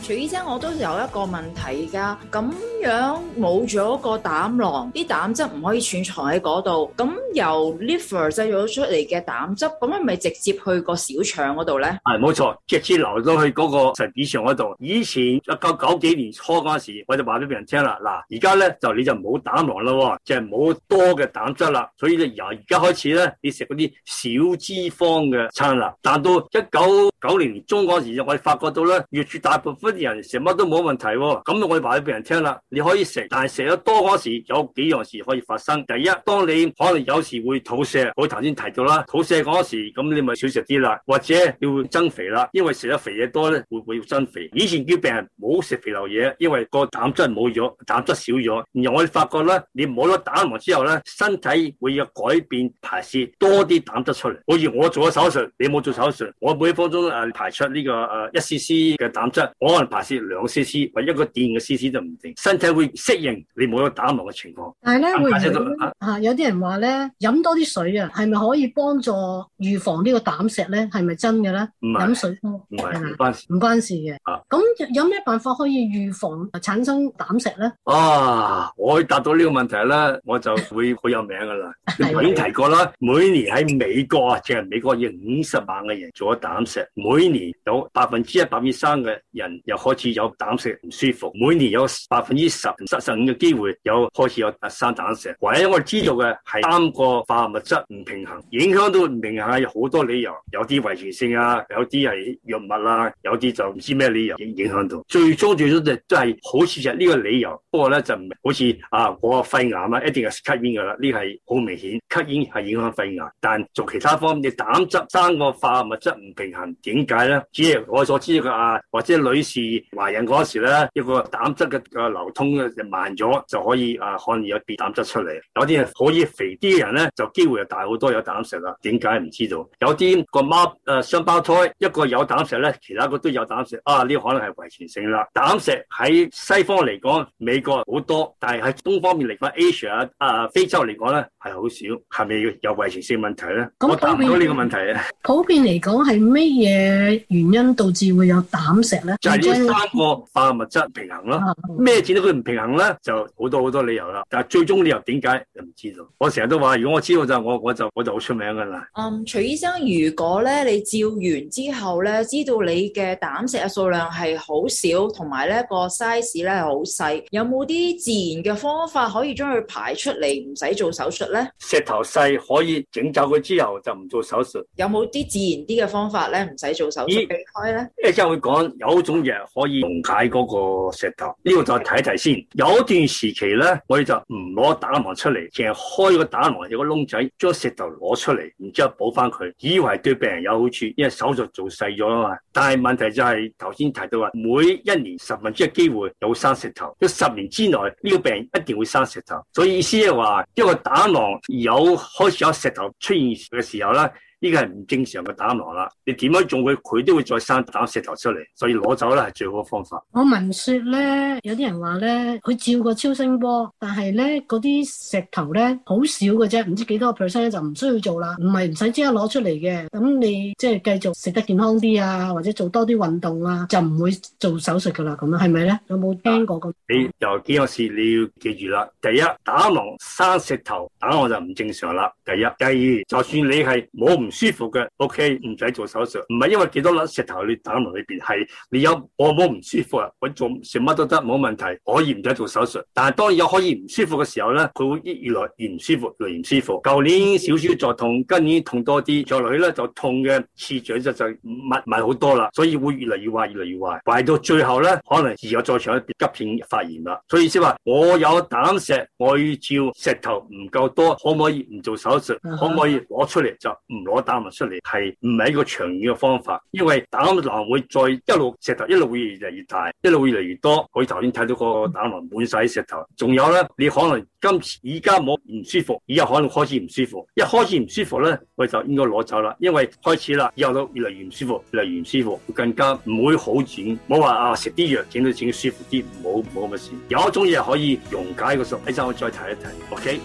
徐醫生，我都有一個問題㗎，咁樣冇咗個膽囊，啲膽汁唔可以儲藏喺嗰度，咁由 liver 製咗出嚟嘅膽汁，咁係咪直接去個小腸嗰度咧？係冇錯，直接流到去嗰個十二指腸嗰度。以前一九九幾年初嗰時，我就話咗俾人聽啦。嗱，而家咧就你就冇膽囊啦，就係冇多嘅膽汁啦，所以咧由而家開始咧，你食嗰啲少脂肪嘅餐啦。但到一九九年中嗰時，我就我哋發覺到咧，粵處大部分啲人食乜都冇問題，咁啊，我話咗俾人聽啦。你可以食，但係食得多嗰時，有幾樣事可以發生。第一，當你可能有時會肚瀉，我頭先提到啦，肚瀉嗰時，咁你咪少食啲啦，或者你會增肥啦，因為食得肥嘢多咧，會會要增肥。以前叫病人冇食肥流嘢，因為個膽汁冇咗，膽汁少咗。然後我發覺咧，你冇咗膽囊之後咧，身體會有改變，排泄多啲膽汁出嚟。好似我做咗手術，你冇做手術，我每一分鐘排出呢個誒一 cc 嘅膽汁，我可能排泄兩 cc 或者一個電嘅 cc 就唔定身。就會適應，你冇咗膽囊嘅情況。但係咧，會嚇、啊、有啲人話咧，飲多啲水啊，係咪可以幫助預防呢個膽石咧？係咪真嘅咧？飲是水多、啊、唔是吧係，唔關事，唔關事嘅。咁有咩辦法可以預防產生膽石咧？啊！我答到呢個問題咧，我就會好有名㗎啦。 的你頭先提過啦，每年喺美國啊，淨係美國有五十萬嘅人做咗膽石，每年有百分之一、百分之三嘅人又開始有膽石唔舒服，每年有百分之十十十五嘅機會有開始有生膽石，或者我哋知道嘅係三個化學物質唔平衡，影響到唔平衡有好多理由，有啲遺傳性啊，有啲係藥物啊，有啲就唔知咩理由影響到。最終最終就都係好似就係呢個理由，不過咧就唔係好似啊我、嗰個、肺癌啊一定係吸煙㗎啦，呢係好明顯吸煙係影響肺癌，但做其他方面嘅膽汁三個化學物質唔平衡點解咧？只係我所知嘅啊，或者女士懷孕嗰時咧一個膽汁嘅嘅流通，就慢咗就可以啊，可能有啲膽汁出嚟。有啲可以肥啲嘅人咧，就機會又大好多有膽石啦。點解唔知道？有啲個孖誒、呃、雙胞胎，一個有膽石咧，其他個都有膽石啊。呢、呢個、可能係遺傳性啦。膽石喺西方嚟講，美國好多，但係喺東方面嚟講，Asia 啊、呃、非洲嚟講咧係好少，係咪有遺傳性問題咧？我答唔到呢個問題啊。普遍嚟講係咩嘢原因導致會有膽石咧？就係呢三個化學物質平衡咯，咩、嗯佢唔平衡咧，就好多好多理由啦。但係最終理由點解又唔知道？我成日都話，如果我知道，就係我我就我就好出名噶啦。嗯，um, 徐醫生，如果咧你照完之後咧，知道你嘅膽石嘅數量係好少，同埋咧個 size 咧係好細，有冇啲自然嘅方法可以將佢排出嚟，唔使做手術咧？石頭細可以整走佢之後就唔做手術。有冇啲自然啲嘅方法咧，唔使做手術避以開咧？即係之後會講有種藥可以溶解嗰個石頭。呢個再睇一睇。先，有一段時期咧，我哋就唔攞膽囊出嚟，淨係開個膽囊有個窿仔，將石頭攞出嚟，然之後補翻佢，以為對病人有好處，因為手術做細咗啊嘛。但係問題就係頭先提到話，每一年十分之一嘅機會有生石頭，喺十年之內呢個病人一定會生石頭，所以意思係話，一個膽囊有開始有石頭出現嘅時候咧。呢個係唔正常嘅打囊啦，你點樣種佢，佢都會再生膽石頭出嚟，所以攞走咧係最好嘅方法。我聞説咧，有啲人話咧，佢照個超聲波，但係咧嗰啲石頭咧好少嘅啫，唔知幾多個 percent 就唔需要做啦，唔係唔使即刻攞出嚟嘅。咁你即係、就是、繼續食得健康啲啊，或者做多啲運動啊，就唔會做手術噶啦。咁樣係咪咧？有冇聽過咁？你有幾件事你要記住啦。第一，膽囊生石頭，膽囊就唔正常啦。第一，第二，就算你係冇唔舒服嘅，OK，唔使做手術，唔係因為幾多粒石頭喺你膽囊裏邊，係你有我冇唔舒服啊？揾做食乜都得，冇問題，可以唔使做手術。但係當然有可以唔舒服嘅時候咧，佢會越嚟越唔舒服，越嚟越唔舒服。舊年少少再痛，今年痛多啲，再落去咧就痛嘅刺著就就密密好多啦，所以會越嚟越壞，越嚟越壞，壞到最後咧，可能而又再上一啲急性發炎啦。所以先話我有膽石，我要照石頭唔夠多，可唔可以唔做手術？可唔可以攞出嚟就唔攞？打埋出嚟係唔係一個長遠嘅方法，因為膽囊會再一路石頭一路會越嚟越大，一路越嚟越多。佢頭先睇到個膽囊滿晒啲石頭，仲有咧，你可能今而家冇唔舒服，以後可能開始唔舒服，一開始唔舒服咧，我就應該攞走啦，因為開始啦，以後都越嚟越唔舒服，越嚟越唔舒服，會更加唔會好轉。冇話啊，食啲藥整到整舒服啲，冇冇乜事。有一種嘢可以溶解嘅，所以一陣我再提一提。OK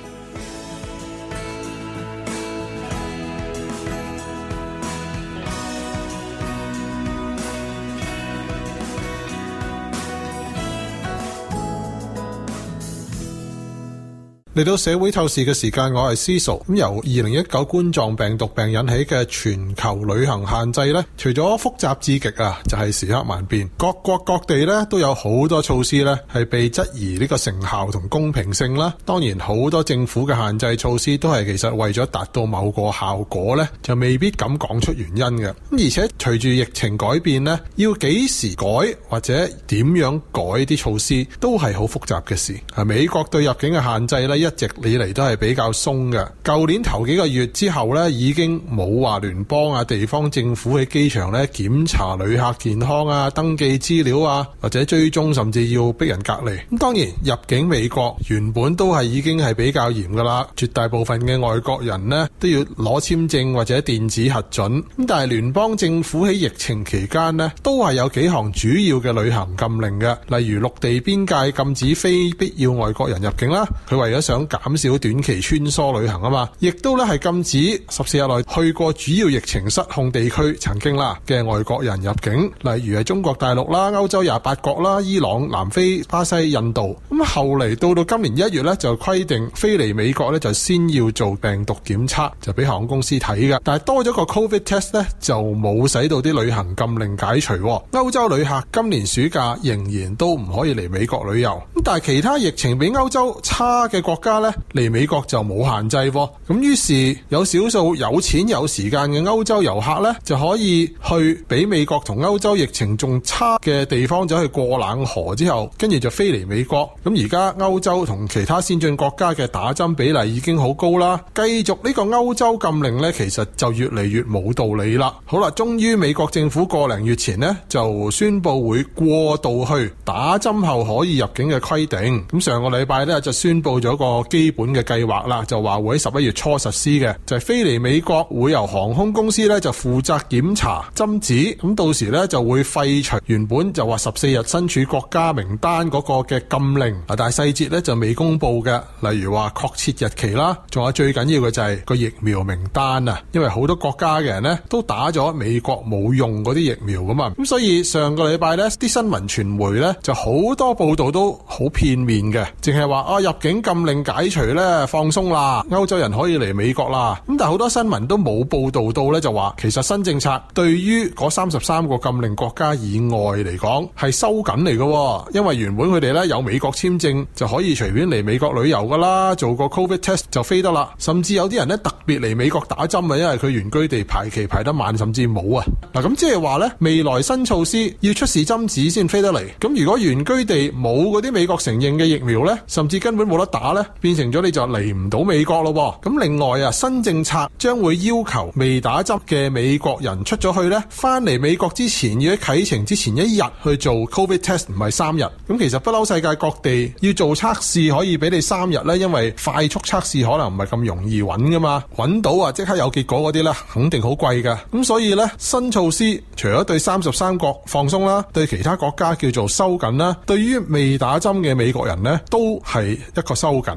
嚟到社會透視嘅時間，我係思熟咁。由二零一九冠狀病毒病引起嘅全球旅行限制呢，除咗複雜至極啊，就係時刻萬變。各國各地呢都有好多措施呢係被質疑呢個成效同公平性啦。當然，好多政府嘅限制措施都係其實為咗達到某個效果呢就未必敢講出原因嘅。而且隨住疫情改變呢，要幾時改或者點樣改啲措施，都係好複雜嘅事。美國對入境嘅限制呢一直以嚟都係比較鬆嘅，舊年頭幾個月之後咧，已經冇話聯邦啊、地方政府喺機場咧檢查旅客健康啊、登記資料啊，或者追蹤，甚至要逼人隔離，咁當然入境美國原本都係已經係比較嚴噶啦，絕大部分嘅外國人咧都要攞簽證或者電子核准，咁但係聯邦政府喺疫情期間咧，都係有幾項主要嘅旅行禁令嘅，例如陸地邊界禁止非必要外國人入境啦。佢為咗上減少短期穿梭旅行啊嘛，亦都咧係禁止十四日內去過主要疫情失控地區曾經啦嘅外國人入境，例如係中國大陸啦、歐洲廿八國啦、伊朗、南非、巴西、印度。咁後嚟到到今年一月咧，就規定飛嚟美國咧就先要做病毒檢測，就俾航空公司睇嘅。但係多咗個 Covid test 咧，就冇使到啲旅行禁令解除。歐洲旅客今年暑假仍然都唔可以嚟美國旅遊。咁但係其他疫情比歐洲差嘅國家，家咧嚟美國就冇限制，咁於是有少數有錢有時間嘅歐洲遊客咧，就可以去比美國同歐洲疫情仲差嘅地方走去過冷河之後，跟住就飛嚟美國。咁而家歐洲同其他先進國家嘅打針比例已經好高啦，繼續呢個歐洲禁令咧，其實就越嚟越冇道理啦。好啦，終於美國政府個零月前呢，就宣布會過渡去打針後可以入境嘅規定。咁上個禮拜咧就宣布咗個。個基本嘅計劃啦，就話會喺十一月初實施嘅，就係、是、飛嚟美國會由航空公司咧就負責檢查、針紙，咁到時咧就會廢除原本就話十四日身處國家名單嗰個嘅禁令，啊，但係細節咧就未公布嘅，例如話確切日期啦，仲有最緊要嘅就係個疫苗名單啊，因為好多國家嘅人咧都打咗美國冇用嗰啲疫苗㗎嘛。咁所以上個禮拜咧啲新聞傳媒咧就好多報道都好片面嘅，淨係話啊入境禁令。解除咧，放鬆啦，歐洲人可以嚟美國啦。咁但係好多新聞都冇報道到咧，就話其實新政策對於嗰三十三個禁令國家以外嚟講係收緊嚟嘅，因為原本佢哋咧有美國簽證就可以隨便嚟美國旅遊噶啦，做個 Covid test 就飛得啦。甚至有啲人咧特別嚟美國打針啊，因為佢原居地排期排得慢，甚至冇啊。嗱咁即係話咧，未來新措施要出示針紙先飛得嚟。咁如果原居地冇嗰啲美國承認嘅疫苗咧，甚至根本冇得打咧。變成咗你就嚟唔到美國咯，咁另外啊，新政策將會要求未打針嘅美國人出咗去呢，翻嚟美國之前，要喺啟程之前一日去做 COVID test，唔係三日。咁其實不嬲世界各地要做測試可以俾你三日呢，因為快速測試可能唔係咁容易揾噶嘛，揾到啊即刻有結果嗰啲呢，肯定好貴噶。咁所以呢，新措施除咗對三十三國放鬆啦，對其他國家叫做收緊啦，對於未打針嘅美國人呢，都係一個收緊。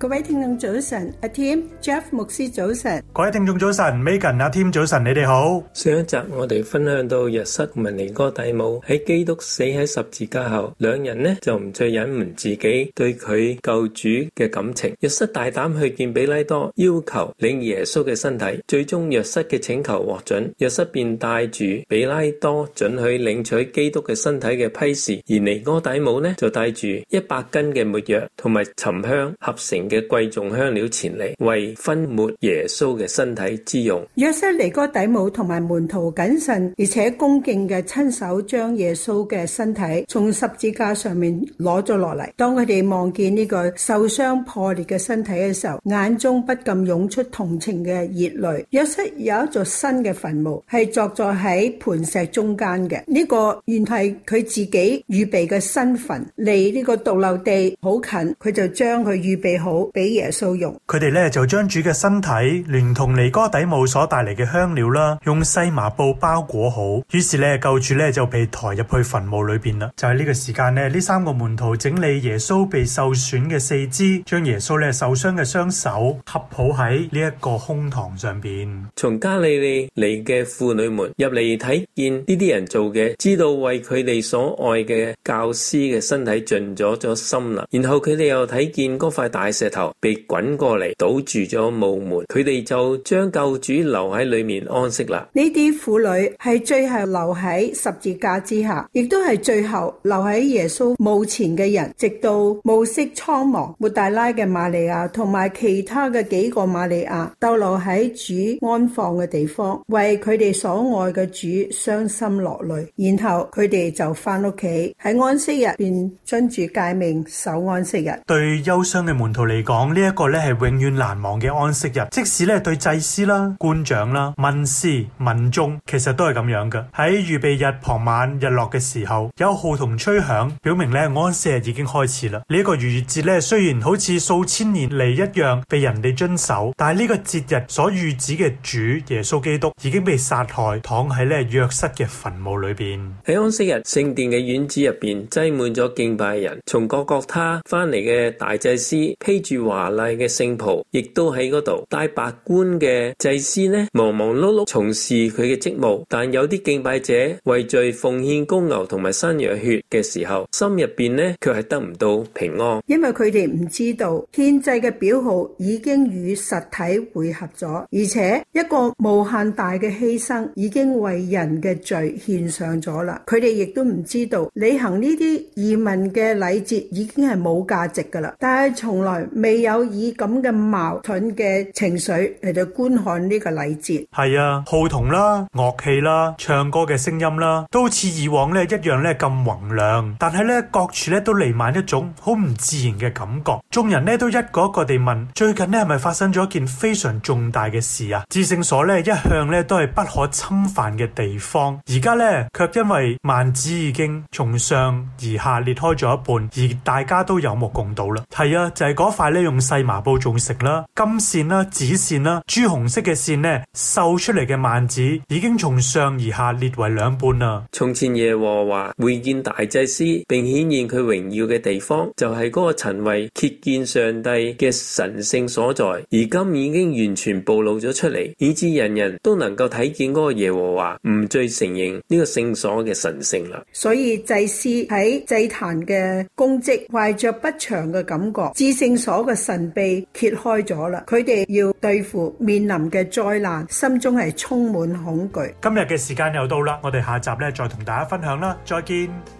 各位聽眾早晨，阿 Tim、Jeff、牧師早晨，各位聽眾早晨，Megan、阿 Tim 早晨，你哋好。上一集我哋分享到約瑟同埋尼哥底母喺基督死喺十字架後，兩人呢就唔再隱瞞自己對佢救主嘅感情。約瑟大膽去見彼拉多，要求領耶穌嘅身體，最終約瑟嘅請求獲准。約瑟便帶住彼拉多准許領取基督嘅身體嘅批示，而尼哥底母呢就帶住一百斤嘅沒藥同埋沉香合成。嘅貴重香料前嚟，為分抹耶穌嘅身體之用。約瑟尼哥底母同埋門徒謹慎而且恭敬嘅，親手將耶穌嘅身體從十字架上面攞咗落嚟。當佢哋望見呢個受傷破裂嘅身體嘅時候，眼中不禁湧出同情嘅熱淚。約瑟有一座新嘅墳墓，係鑿在喺磐石中間嘅。呢、這個原係佢自己預備嘅新墳，離呢個獨留地好近，佢就將佢預備好。俾耶穌用，佢哋咧就將主嘅身體連同尼哥底母所帶嚟嘅香料啦，用細麻布包裹好。於是咧，救主咧就被抬入去墳墓裏邊啦。就係呢個時間咧，呢三個門徒整理耶穌被受損嘅四肢，將耶穌咧受傷嘅雙手合抱喺呢一個胸膛上邊。從加利利嚟嘅婦女們入嚟睇見呢啲人做嘅，知道為佢哋所愛嘅教師嘅身體盡咗咗心啦，然後佢哋又睇見嗰塊大石。被滾過嚟，堵住咗墓門，佢哋就將救主留喺裏面安息啦。呢啲婦女係最後留喺十字架之下，亦都係最後留喺耶穌墓前嘅人，直到暮色蒼茫。抹大拉嘅瑪利亞同埋其他嘅幾個瑪利亞逗留喺主安放嘅地方，為佢哋所愛嘅主傷心落淚。然後佢哋就翻屋企喺安息日便遵住誡命守安息日。對憂傷嘅門徒嚟。講呢一個咧係永遠難忘嘅安息日，即使咧對祭司啦、官長啦、文士、民眾其實都係咁樣嘅。喺預備日傍晚日落嘅時候，有號同吹響，表明咧安息日已經開始啦。呢、這、一個逾越節咧，雖然好似數千年嚟一樣被人哋遵守，但係呢個節日所預指嘅主耶穌基督已經被殺害，躺喺咧約瑟嘅墳墓裏邊。喺安息日聖殿嘅院子入邊擠滿咗敬拜人，從各各他翻嚟嘅大祭司披住。住華麗嘅聖袍，亦都喺嗰度戴白冠嘅祭司呢，忙忙碌碌從事佢嘅職務。但有啲敬拜者為罪奉獻公牛同埋山羊血嘅時候，心入邊呢，卻係得唔到平安，因為佢哋唔知道獻祭嘅表號已經與實體匯合咗，而且一個無限大嘅犧牲已經為人嘅罪獻上咗啦。佢哋亦都唔知道履行呢啲移民嘅禮節已經係冇價值噶啦。但係從來。未有以咁嘅矛盾嘅情緒嚟到觀看呢個禮節，係啊，號筒啦、樂器啦、唱歌嘅聲音啦，都好似以往咧一樣咧咁宏亮，但係咧各處咧都瀰漫一種好唔自然嘅感覺。眾人咧都一個一個地問：最近咧係咪發生咗一件非常重大嘅事啊？至聖所咧一向咧都係不可侵犯嘅地方，而家咧卻因為幔子已經從上而下裂開咗一半，而大家都有目共睹啦。係啊，就係嗰塊。咧用細麻布做成啦，金線啦、紫線啦、朱紅色嘅線呢，繡出嚟嘅幔子已經從上而下列為兩半啦。從前耶和華會見大祭司，並顯現佢榮耀嘅地方，就係嗰個陳位揭見上帝嘅神聖所在。而今已經完全暴露咗出嚟，以致人人都能夠睇見嗰個耶和華唔再承認呢個聖所嘅神聖啦。所以祭司喺祭壇嘅供職，懷着不祥嘅感覺，至聖所。嗰個神秘揭開咗啦，佢哋要對付面臨嘅災難，心中係充滿恐懼。今日嘅時間又到啦，我哋下集呢再同大家分享啦，再見。